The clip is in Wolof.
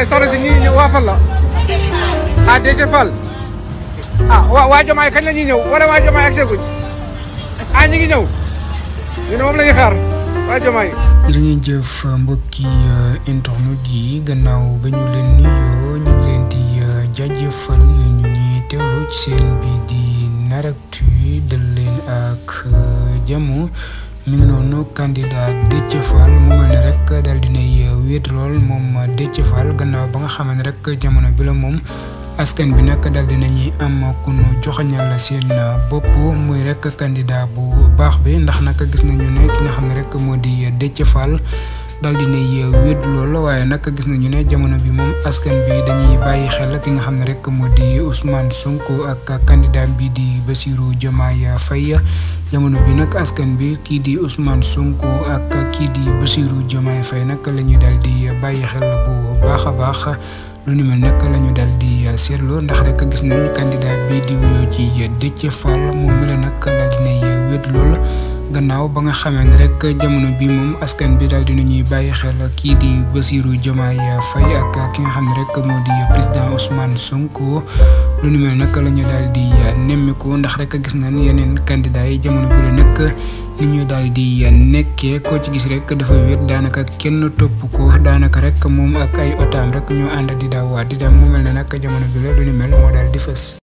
ne soxna si ñi ñëw waa fan la ah Déthié ah, waa waa kañ la ñëw wala waa Jomaay ak seguñ ah ñu ngi ñëw ñu ne moom la xaar waa Jomaay. jërë ngeen jëf mbokki euh, internet yi gannaaw ba ñu leen nuyoo ñu leen di euh, jaajëfal yéen ñu ñuy teewlu ci seen bi di Naractu dal leen ak euh, jàmm. mi ngi noonu candidat Déthié Fall mu mel ne rek daal dinay wéet lool moom Déthié Fall gannaaw ba nga xaman ne rek jamono bi la moom askan bi nag daal dinañuy am ku nu joxañal bopp muy rek candidat bu baax bi ndax nag gis nañu ne nga xam ne rek moo di Déthié Fall dal di ne wéet loolu la waaye nag gis nañu ne jamono bi moom askan bi dañuy bàyyi xel ki nga xam ne rek moo di Ousmane Sonko ak candidat bi di Bassirou Diomaye Faye jamono bi nag askan bi kii di Ousmane Sonko ak kii di Bassirou Diomaye Faye nag la ñuy dal di bàyyi xel bu baax a baax lu ni mu nag lañu ñu dal di seetloo ndax rek gis nañu candidat bi di wuyoo ci Déthié Fall moom mi la nag dal di ne wéet loolu gannaaw ba nga xamee ne rek jamono bi moom askan bi daal dina ñuy bàyyi xel kii di basiiru Bassirou Diomaye Faye ak ki nga xam ne rek moo di président Ousmane Sonko lu nu mel nag la ñu daal di nemmiku ndax rek gis nañ yeneen candidat yi jamono bi la nag ni ñu daal di nekkee koo ci gis rek dafa wéet daanaka kenn topp ko daanaka rek moom ak ay otaam rek ñu ànd di waa di dem mu mel ne nakk jamono bi la lu nu mel moo daal di fës.